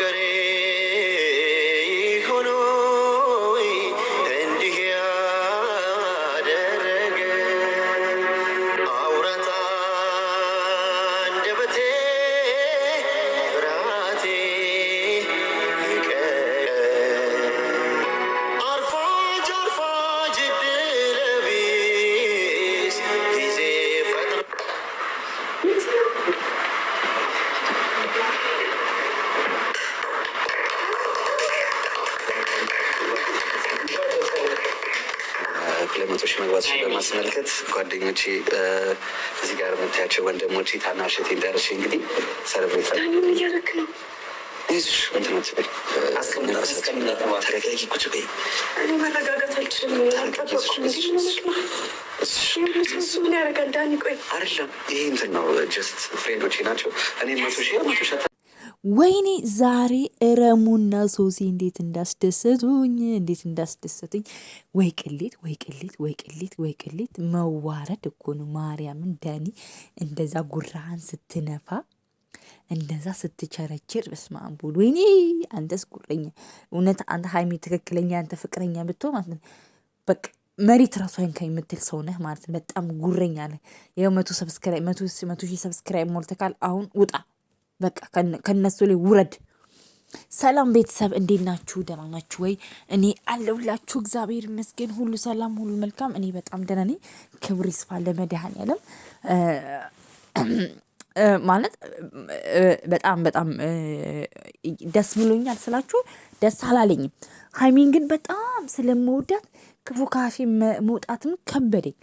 करे ጓደኞቼ እዚህ ጋር የምታያቸው ወንድሞቼ፣ ታናሸት እህቴን እንግዲህ ሰለብሬት ነው። ይሄ እንትን ነው። ጀስት ፍሬንዶቼ ናቸው። እኔ መቶ ሺህ መቶ ወይኔ ዛሬ እረሙና ሶሲ እንዴት እንዳስደሰቱኝ እንዴት እንዳስደሰቱኝ። ወይ ቅሌት፣ ወይ ቅሌት፣ ወይ ቅሌት፣ ወይ ቅሌት። መዋረድ እኮ ነው። ማርያምን ዳኒ እንደዛ ጉራህን ስትነፋ እንደዛ ስትቸረችር፣ በስመ አብ ወልድ። ወይኔ አንተስ ጉረኛ እውነት አንተ ሀይሚ፣ ትክክለኛ አንተ ፍቅረኛ ብትሆን ማለት ነው በቃ መሬት ራሱ አይንካ የምትል ሰው ነህ ማለት ነው። በጣም ጉረኛ ነህ። የመቶ ሰብስክራይ መቶ ሺህ ሰብስክራይ ሞልተካል። አሁን ውጣ በቃ ከነሱ ላይ ውረድ። ሰላም ቤተሰብ እንዴት ናችሁ? ደህና ናችሁ ወይ? እኔ አለሁላችሁ። እግዚአብሔር ይመስገን፣ ሁሉ ሰላም፣ ሁሉ መልካም። እኔ በጣም ደህና ነኝ። ክብር ይስፋ ለመድኃኔዓለም። ማለት በጣም በጣም ደስ ብሎኛል ስላችሁ ደስ አላለኝም። ሀይሚን ግን በጣም ስለመወዳት ክፉ ካፌ መውጣትም ከበደኝ።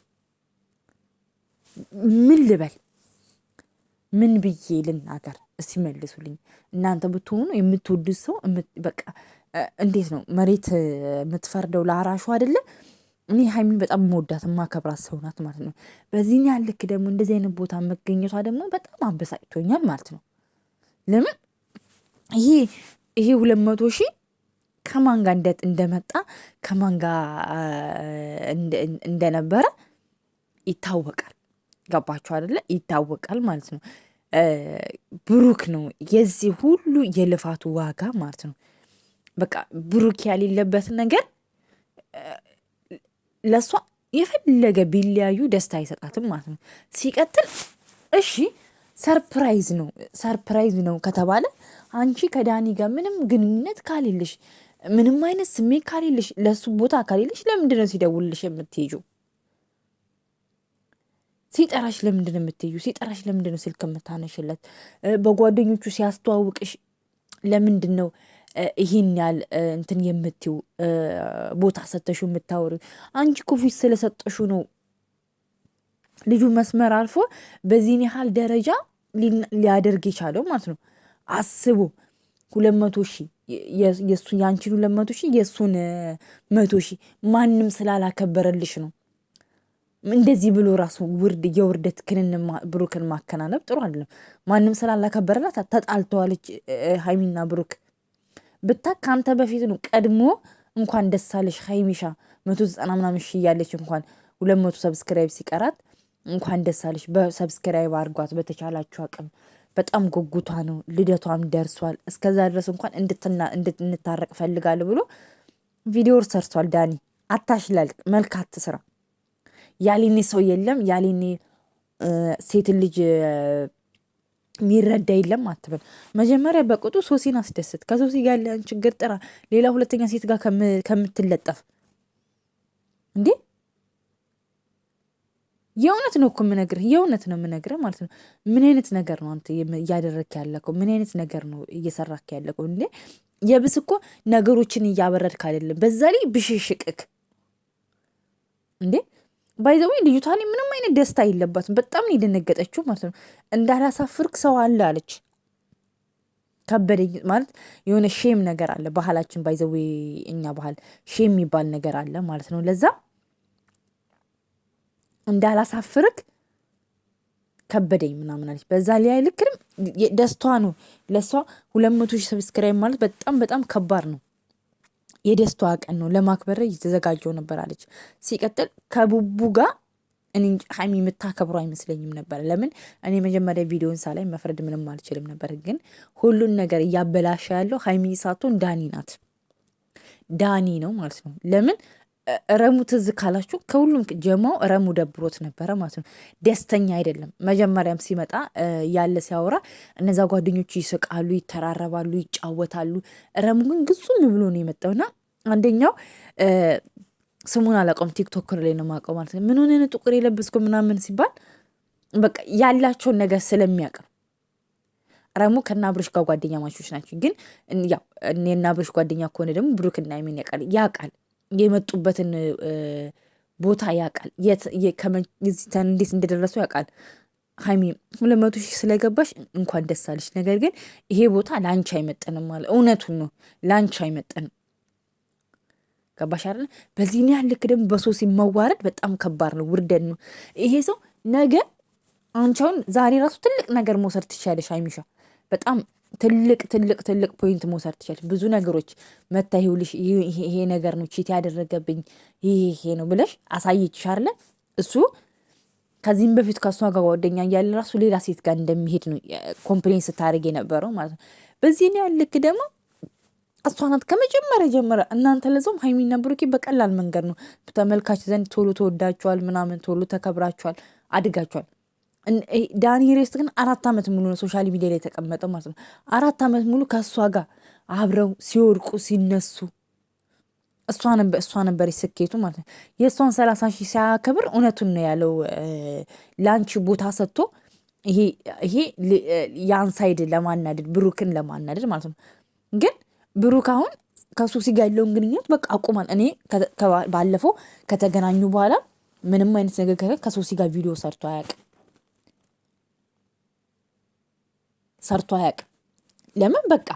ምን ልበል? ምን ብዬ ልናገር? ሲመልሱልኝ እናንተ ብትሆኑ የምትወዱት ሰው በቃ እንዴት ነው መሬት የምትፈርደው ለአራሹ አይደለ? እኔ ሀይሚን በጣም መወዳት ማከብራት ሰው ናት ማለት ነው። በዚህን ያህል ልክ ደግሞ እንደዚህ አይነት ቦታ መገኘቷ ደግሞ በጣም አበሳጭቶኛል ማለት ነው። ለምን ይሄ ይሄ ሁለት መቶ ሺህ ከማን ጋር እንደመጣ ከማን ጋር እንደነበረ ይታወቃል። ገባችሁ አይደለ? ይታወቃል ማለት ነው። ብሩክ ነው የዚህ ሁሉ የልፋቱ ዋጋ ማለት ነው። በቃ ብሩክ ያሌለበት ነገር ለእሷ የፈለገ ቢለያዩ ደስታ አይሰጣትም ማለት ነው። ሲቀጥል እሺ ሰርፕራይዝ ነው ሰርፕራይዝ ነው ከተባለ አንቺ ከዳኒ ጋር ምንም ግንኙነት ካሌለሽ፣ ምንም አይነት ስሜት ካሌለሽ፣ ለእሱ ቦታ ካሌለሽ ለምንድነው ሲደውልሽ የምትሄጂው? ሲጠራሽ ለምንድን የምትዩ? ሲጠራሽ ለምንድን ነው ስልክ የምታነሽለት? በጓደኞቹ ሲያስተዋውቅሽ ለምንድን ነው ይህን ያህል እንትን የምትዩ? ቦታ ሰተሹ የምታወሪ? አንቺ ኮፊት ስለሰጠሹ ነው ልጁ መስመር አልፎ በዚህን ያህል ደረጃ ሊያደርግ የቻለው ማለት ነው። አስቡ ሁለት መቶ ሺህ የአንቺን ሁለት መቶ ሺህ የእሱን መቶ ሺህ ማንም ስላላከበረልሽ ነው። እንደዚህ ብሎ ራሱ ውርድ የውርደት ክንን ብሩክን ማከናነብ ጥሩ አይደለም። ማንም ስላላከበረላት ተጣልተዋለች ሀይሚና ብሩክ ብታ ከአንተ በፊት ነው ቀድሞ እንኳን ደሳለሽ ሀይሚሻ መቶ ዘጠና ምናምን ሺ እያለች እንኳን ሁለት መቶ ሰብስክራይብ ሲቀራት እንኳን ደሳለሽ በሰብስክራይብ አድርጓት በተቻላችሁ አቅም። በጣም ጉጉቷ ነው ልደቷም ደርሷል። እስከዛ ድረስ እንኳን እንድንታረቅ ፈልጋለሁ ብሎ ቪዲዮ ሰርቷል። ዳኒ አታሽላልቅ፣ መልካት ስራ ያሌኔ ሰው የለም፣ ያሌኔ ሴትን ልጅ የሚረዳ የለም አትበል። መጀመሪያ በቅጡ ሶሲን አስደስት። ከሶሲ ጋር ያለን ችግር ጥራ። ሌላ ሁለተኛ ሴት ጋር ከምትለጠፍ እንዴ! የእውነት ነው እኮ የምነግርህ፣ የእውነት ነው የምነግርህ ማለት ነው። ምን አይነት ነገር ነው አንተ እያደረግህ ያለከው? ምን አይነት ነገር ነው እየሰራክ ያለከው? እንዴ የብስ እኮ ነገሮችን እያበረድክ አይደለም። በዛ ላይ ብሽሽቅክ እንዴ ባይዘዊ ልዩቷ እኔ ምንም አይነት ደስታ የለባትም። በጣም ነው የደነገጠችው ማለት ነው። እንዳላሳፍርክ ሰው አለ አለች። ከበደኝ ማለት የሆነ ሼም ነገር አለ ባህላችን፣ ባይዘዌ እኛ ባህል ሼም የሚባል ነገር አለ ማለት ነው። ለዛ እንዳላሳፍርክ ከበደኝ ምናምን አለች። በዛ ላይ ልክልም ደስቷ ነው ለእሷ ሁለት መቶ ሺህ ሰብስክራይብ ማለት በጣም በጣም ከባድ ነው። የደስታዋ ቀን ነው ለማክበር የተዘጋጀው ነበር አለች። ሲቀጥል ከቡቡ ጋር ሀይሚ የምታከብሩ አይመስለኝም ነበር። ለምን እኔ መጀመሪያ ቪዲዮን ሳላይ መፍረድ ምንም አልችልም ነበር፣ ግን ሁሉን ነገር እያበላሸ ያለው ሀይሚ ሳቶን ዳኒ ናት። ዳኒ ነው ማለት ነው። ለምን ረሙ ትዝ ካላችሁ ከሁሉም ጀማው ረሙ ደብሮት ነበረ ማለት ነው። ደስተኛ አይደለም። መጀመሪያም ሲመጣ ያለ ሲያወራ እነዛ ጓደኞቹ ይስቃሉ፣ ይተራረባሉ፣ ይጫወታሉ። ረሙ ግን ግጹም ብሎ ነው የመጣውና አንደኛው ስሙን አላውቀውም፣ ቲክቶክ ላይ ነው የማውቀው ማለት ነው። ምን ሆነህ ጥቁር የለበስከው ምናምን ሲባል በቃ ያላቸውን ነገር ስለሚያቅር ረሙ ከና ብሮሽ ጋር ጓደኛ ማቾች ናቸው። ግን ያው እኔና ብሮሽ ጓደኛ ከሆነ ደግሞ ብሩክ እና ሚን ያውቃል የመጡበትን ቦታ ያውቃል። እንዴት እንደደረሱ ያውቃል። ሀይሚ ሁለት መቶ ሺህ ስለገባሽ እንኳን ደስ አለሽ። ነገር ግን ይሄ ቦታ ለአንቺ አይመጠንም ማለት እውነቱን ነው። ለአንቺ አይመጠንም ገባሽ አይደለ? በዚህ ያህል ልክ ደግሞ በሶሲ መዋረድ በጣም ከባድ ነው፣ ውርደን ነው። ይሄ ሰው ነገ አንቺ አሁን ዛሬ ራሱ ትልቅ ነገር መውሰድ ትችያለሽ ሀይሚሻ በጣም ትልቅ ትልቅ ትልቅ ፖይንት መውሰድ ትችላለች። ብዙ ነገሮች መታ ይኸውልሽ፣ ይሄ ነገር ነው ቺት ያደረገብኝ ይሄ ይሄ ነው ብለሽ አሳየችሽ አለ እሱ ከዚህም በፊት ከእሷ ጋር ጓደኛ እያለ ራሱ ሌላ ሴት ጋር እንደሚሄድ ነው ኮምፕሌን ስታደርግ የነበረው ማለት ነው። በዚህ ነው ያልክ ደግሞ እሷ ናት ከመጀመሪያ ጀመረ። እናንተ ለዛውም ሀይሚና ብሩኬ በቀላል መንገድ ነው ተመልካች ዘንድ ቶሎ ተወዳችኋል፣ ምናምን ቶሎ ተከብራችኋል፣ አድጋችኋል። ዳኒ ሬስት ግን አራት ዓመት ሙሉ ነው ሶሻል ሚዲያ ላይ የተቀመጠው ማለት ነው። አራት ዓመት ሙሉ ከእሷ ጋር አብረው ሲወድቁ ሲነሱ እሷ ነበር ስኬቱ ማለት ነው። የእሷን ሰላሳ ሺህ ሲያከብር እውነቱን ነው ያለው። ለአንቺ ቦታ ሰጥቶ ይሄ የአንሳይድ ለማናደድ ብሩክን ለማናደድ ማለት ነው። ግን ብሩክ አሁን ከሱ ሲጋ ያለውን ግንኙነት በቃ አቁማል። እኔ ባለፈው ከተገናኙ በኋላ ምንም አይነት ነገር ከሶሲ ጋር ቪዲዮ ሰርቶ አያውቅም። ሰርቶ አያውቅም። ለምን በቃ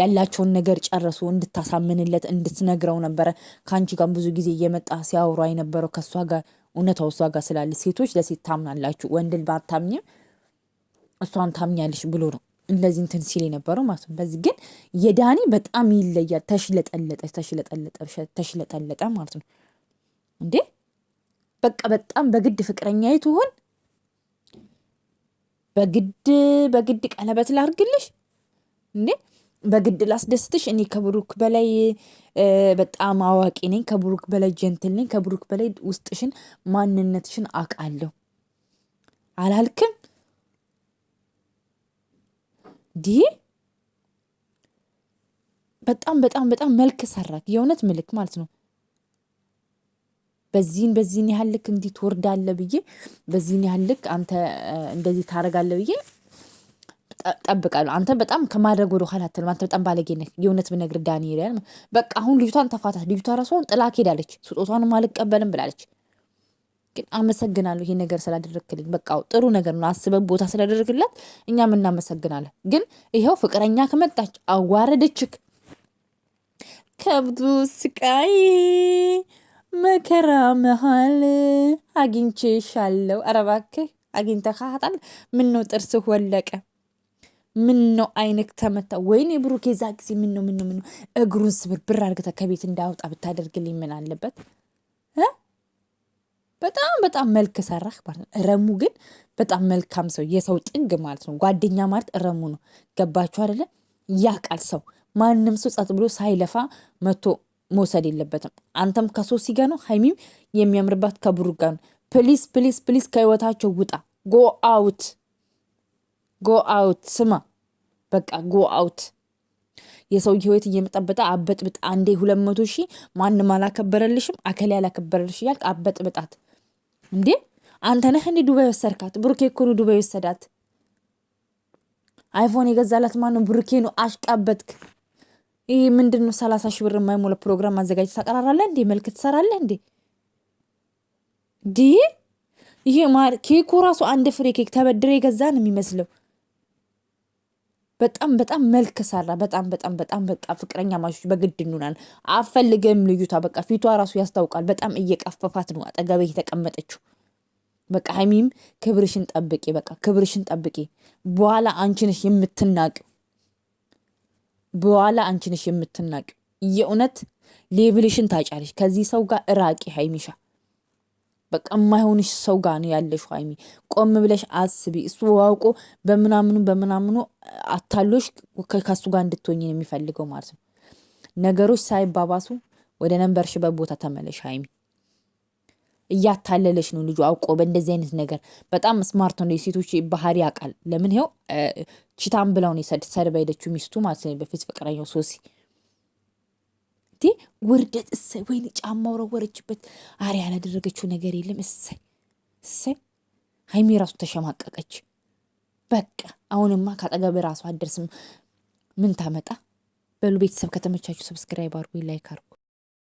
ያላቸውን ነገር ጨረሱ። እንድታሳምንለት እንድትነግረው ነበረ። ከአንቺ ጋር ብዙ ጊዜ እየመጣ ሲያወራ የነበረው ከእሷ ጋር እውነታው እሷ ጋር ስላለ ሴቶች ለሴት ታምናላችሁ፣ ወንድን ባታምኝም እሷን ታምኛለሽ ብሎ ነው እንደዚህ እንትን ሲል የነበረው ማለት ነው። በዚህ ግን የዳኒ በጣም ይለያል። ተሽለጠለጠ ተሽለጠለጠ ተሽለጠለጠ ማለት ነው እንዴ በቃ በጣም በግድ ፍቅረኛ ይትሆን በግድ በግድ ቀለበት ላርግልሽ እንዴ? በግድ ላስደስትሽ? እኔ ከብሩክ በላይ በጣም አዋቂ ነኝ፣ ከብሩክ በላይ ጀንትል ነኝ፣ ከብሩክ በላይ ውስጥሽን ማንነትሽን አውቃለሁ አላልክም? ዲ በጣም በጣም በጣም መልክ ሰራክ የእውነት ምልክ ማለት ነው። በዚህን በዚህን ያህል ልክ እንዲህ ትወርዳለህ ብዬ በዚህን ያህል ልክ አንተ እንደዚህ ታደርጋለህ ብዬ ጠብቃሉ አንተ በጣም ከማድረግ ወደ ኋላ አትልም። አንተ በጣም ባለጌ ነህ። የእውነት ብነግርህ ዳንኤል፣ በቃ አሁን ልጅቷን ተፋታት። ልጅቷ ራሷን ጥላ ሄዳለች። ስጦቷንም አልቀበልም ብላለች። ግን አመሰግናለሁ ይሄ ነገር ስላደረግክልኝ። በቃ ጥሩ ነገር ነው። አስበን ቦታ ስላደረግላት እኛም እናመሰግናለን። ግን ይኸው ፍቅረኛ ከመጣች አዋረደችክ። ከብዱ ስቃይ መከራ መሃል አግኝቼሻለሁ። ኧረ እባክህ አግኝተካታል። ነው ጥርስህ ወለቀ? ነው አይንክ ተመታ? ወይኔ ብሩክ፣ የዛ ጊዜ ምነው ምነው ምነው እግሩን ስብርብር አድርገህ ከቤት እንዳያወጣ ብታደርግልኝ ምን አለበት? በጣም በጣም መልክ ሰራህ ማለት ነው። ረሙ ግን በጣም መልካም ሰው፣ የሰው ጥግ ማለት ነው። ጓደኛ ማለት ረሙ ነው። ገባችሁ አደለ? ያቃል ሰው ማንም ሰው ጸጥ ብሎ ሳይለፋ መቶ መውሰድ የለበትም። አንተም ከሶሲ ጋ ነው፣ ሀይሚም የሚያምርባት ከብሩ ጋ ነው። ፕሊስ ፕሊስ ፕሊስ ከህይወታቸው ውጣ። ጎ አውት ጎ አውት። ስማ በቃ ጎ አውት። የሰው ህይወት እየመጠበጠ አበጥብጥ። አንዴ ሁለት መቶ ሺህ ማንም አላከበረልሽም፣ አከሌ ያላከበረልሽ እያልክ አበጥብጣት እንዴ! አንተ ነህ እንዲ ዱባይ ወሰድካት? ብሩኬ እኮ ነው ዱባይ ወሰዳት። አይፎን የገዛላት ማነው? ብሩኬ ነው። አሽቃበትክ። ይህ ምንድን ነው? ሰላሳ ሺህ ብር የማይሞላ ፕሮግራም አዘጋጅ ታቀራራለህ እንዴ? መልክ ትሰራለህ እንዴ? ዲ ይሄ ኬኩ ራሱ አንድ ፍሬ ኬክ ተበድሬ የገዛ ነው የሚመስለው። በጣም በጣም መልክ ሰራ። በጣም በጣም በጣም በቃ ፍቅረኛ ማሾች በግድ እንሆናለን። አፈልገም ልዩቷ በቃ ፊቷ ራሱ ያስታውቃል። በጣም እየቀፈፋት ነው አጠገበ የተቀመጠችው። በቃ ሀይሚም ክብርሽን ጠብቂ፣ በቃ ክብርሽን ጠብቂ። በኋላ አንቺ ነሽ በኋላ አንቺ የምትናቅ የእውነት ሌብልሽን ታጫለሽ። ከዚህ ሰው ጋር እራቂ ሀይሚሻ። በቃ የማይሆንሽ ሰው ጋር ነው ያለሽ ሀይሚ። ቆም ብለሽ አስቢ። እሱ አውቆ በምናምኑ በምናምኑ አታሎሽ ከሱ ጋር እንድትሆኝ የሚፈልገው ማለት ነው። ነገሮች ሳይባባሱ ወደ ነበርሽበት ቦታ ተመለሽ ሀይሚ። እያታለለች ነው ልጁ አውቆ በእንደዚህ አይነት ነገር በጣም ስማርት ነው። የሴቶች ባህሪ ያውቃል። ለምን ይኸው ቺታም ብለው ነው ሰድባ ሄደችው ሚስቱ ማለት ነው። በፊት ፍቅረኛው ሶሲ ውርደት እሰይ፣ ወይኔ ጫማ ወረወረችበት። አሪ ያላደረገችው ነገር የለም። እሰይ እሰይ። ሀይሜ ራሱ ተሸማቀቀች። በቃ አሁንማ ካጠገብ ራሱ አደርስም ምን ታመጣ። በሉ ቤተሰብ ከተመቻችሁ ሰብስክራይብ አርጉ፣ ላይክ አርጉ።